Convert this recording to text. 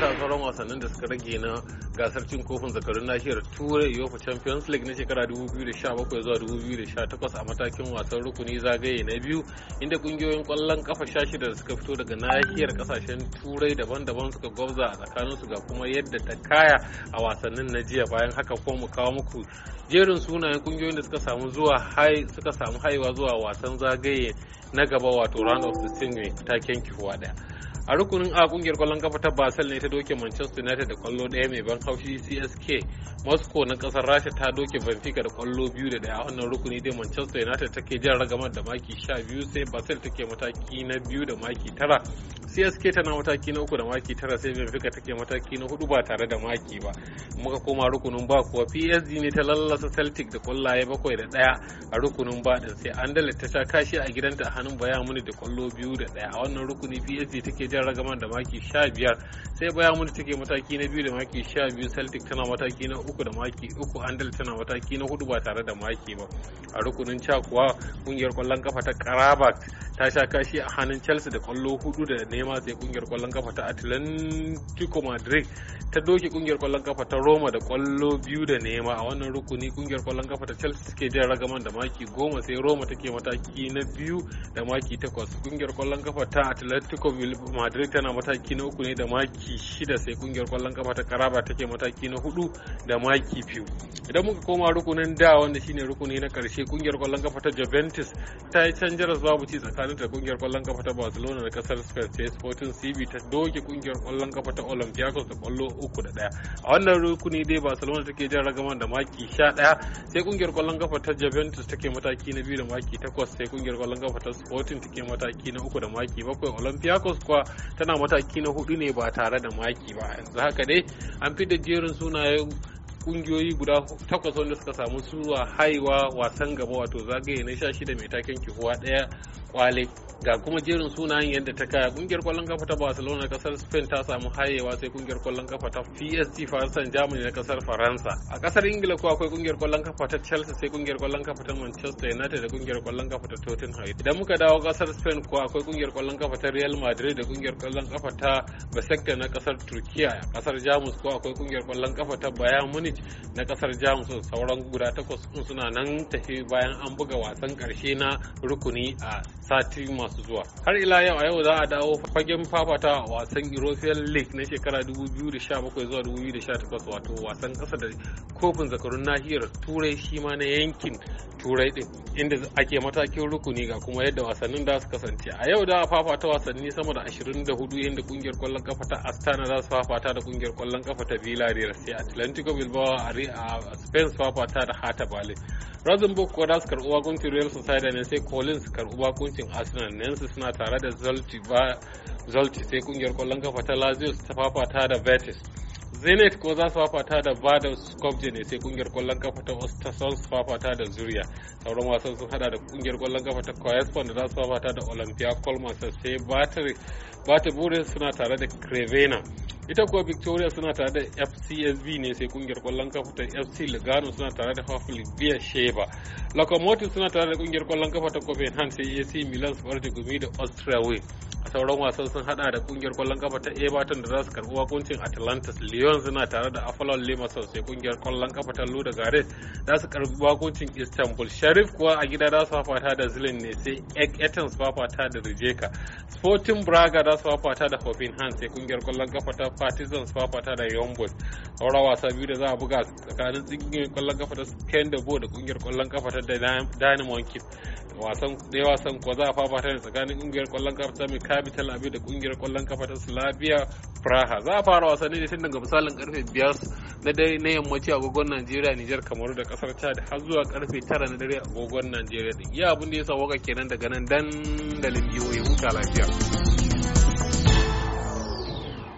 fata sauran wasannin da suka rage na gasar cin kofin zakarun nahiyar turai yofa champions league na shekara 2017 zuwa 2018 a matakin wasan rukuni zagaye na biyu inda kungiyoyin kwallon kafa sha shida da suka fito daga nahiyar kasashen turai daban-daban suka gwabza a su ga kuma yadda ta kaya a wasannin na jiya bayan haka ko mu kawo muku jerin sunayen kungiyoyin da suka samu zuwa suka samu haiwa zuwa wasan zagaye na gaba wato round of 16 mai taken kihuwa daya a rukunin a kungiyar kwallon kafa ta basel ne ta doke manchester united da kwallo daya mai ban haushi csk moscow na kasar rasha ta doke benfica da kwallo biyu da daya a wannan rukuni dai manchester united take jan ragamar da maki sha biyu sai basel take mataki na biyu da maki tara csk tana mataki na uku da maki tara sai benfica take mataki na hudu ba tare da maki ba muka koma rukunin ba kuwa psg ne ta lallasa celtic da kwallaye bakwai da daya a rukunin ba din sai andalit ta sha kashi a gidanta a hannun bayan muni da kwallo biyu da daya a wannan rukuni psg take jan ragamar da maki 15 sai bayan mun take mataki na biyu da maki 12 celtic tana mataki na uku da maki uku andal tana mataki na hudu ba tare da maki ba a rukunin ca kuwa kungiyar kwallon kafa ta karabak ta sha kashi a hannun chelsea da kwallo hudu da nema sai kungiyar kwallon kafa ta atlantico madrid ta doke kungiyar kwallon kafa ta roma da kwallo biyu da nema a wannan rukuni kungiyar kwallon kafa ta chelsea suke jan ragaman da maki goma sai roma take mataki na biyu da maki takwas kungiyar kwallon kafa ta atlantico madrid tana mataki na uku ne da maki shida sai kungiyar kwallon kafa ta karaba take mataki na hudu da maki biyu idan muka koma rukunin da wanda shine rukuni na karshe kungiyar kwallon kafa ta Juventus ta yi can jaras babu ci tsakanin ta kungiyar kwallon kafa ta Barcelona da kasar Spain sai Sporting CB ta doke kungiyar kwallon kafa ta Olympiacos da kwallo uku da daya a wannan rukuni dai Barcelona take jan ragaman da maki daya sai kungiyar kwallon kafa ta Juventus take mataki na biyu da maki 8 sai kungiyar kwallon kafa ta Sporting take mataki na uku da maki 7 Olympiacos kuwa tana mataki na hudu ne ba tare da maki ba yanzu haka dai an fi da jerin sunayen kungiyoyi guda takwas wanda suka samu suwa haiwa wasan gaba wato zagaye na sha shida mai taken kihuwa daya kwale ga kuma jerin sunayen yadda ta kaya kungiyar kwallon kafa ta barcelona kasar spain ta samu hayewa sai kungiyar kwallon kafa ta psg faransa germany na kasar faransa a kasar ingila kuwa akwai kungiyar kwallon kafa ta chelsea sai kungiyar kwallon kafa ta manchester united da kungiyar kwallon kafa ta tottenham idan muka dawo kasar spain kuwa akwai kungiyar kwallon kafa ta real madrid da kungiyar kwallon kafa ta basakta na kasar turkiya a kasar jamus kuwa akwai kungiyar kwallon kafa ta bayern munich munich na kasar jamus sauran guda takwas suna nan tafi bayan an buga wasan karshe na rukuni a sati masu zuwa har ila yau a yau za a dawo fagen fafata a wasan european league na shekara 2017 zuwa 2018 wato wasan kasa da kofin zakarun nahiyar turai shi ma na yankin turai din inda ake matakin rukuni ga kuma yadda wasannin da su kasance a yau da fafata wasanni sama da 24 inda kungiyar kwallon kafa ta astana za su fafata da kungiyar kwallon kafa ta villarreal sai atlantico bilbao zuwa a spain su da hata bale rosenborg kuwa su karɓi wakuncin real society ne sai collins su karɓi arsenal ne suna tare da zolti sai kungiyar kwallon kafa ta lazio da betis zenit ko za su fafata da vada skopje ne sai kungiyar kwallon kafa ta ostasol su fafata da zuriya sauran wasan sun hada da kungiyar kwallon kafa ta koyaspon da za su fafata da olympia colmar sai batiri suna tare da crevena ita kuwa victoria suna tare da fcsb ne sai kungiyar kwallon kafa ta fc lugano suna tare da hafli libya sheba locomotive suna tare da kungiyar kwallon kafa ta copenhagen sai ac milan su gumi da austria way sauran wasan sun hada da kungiyar kwallon kafa ta everton da za su karbi wakuncin atlantis lyon suna tare da afalon limassol sai kungiyar kwallon kafa ta luda Garet za su karbi wakuncin istanbul sharif kuwa a gida za su fafata da zilin ne sai eketons fafata da rijeka sporting braga za su fafata da hoffenheim sai kungiyar kwallon kafa ta partizan su fafata da Boys sauran wasa biyu da za a buga tsakanin kungiyar kwallon kafa ta kendabo da kungiyar kwallon kafa ta dynamo kip wasan ɗaya wasan ko za a fafata ne tsakanin kungiyar kwallon kafa ta makabi tel aviv da kungiyar kwallon kafa ta slavia praha za a fara wasanni ne tun daga misalin karfe biyar na dare na yammaci agogon najeriya nijar kamaru da kasar chad har zuwa karfe tara na dare agogon najeriya din iya abin da ya sa waka kenan daga nan dandalin biyu ya huta lafiya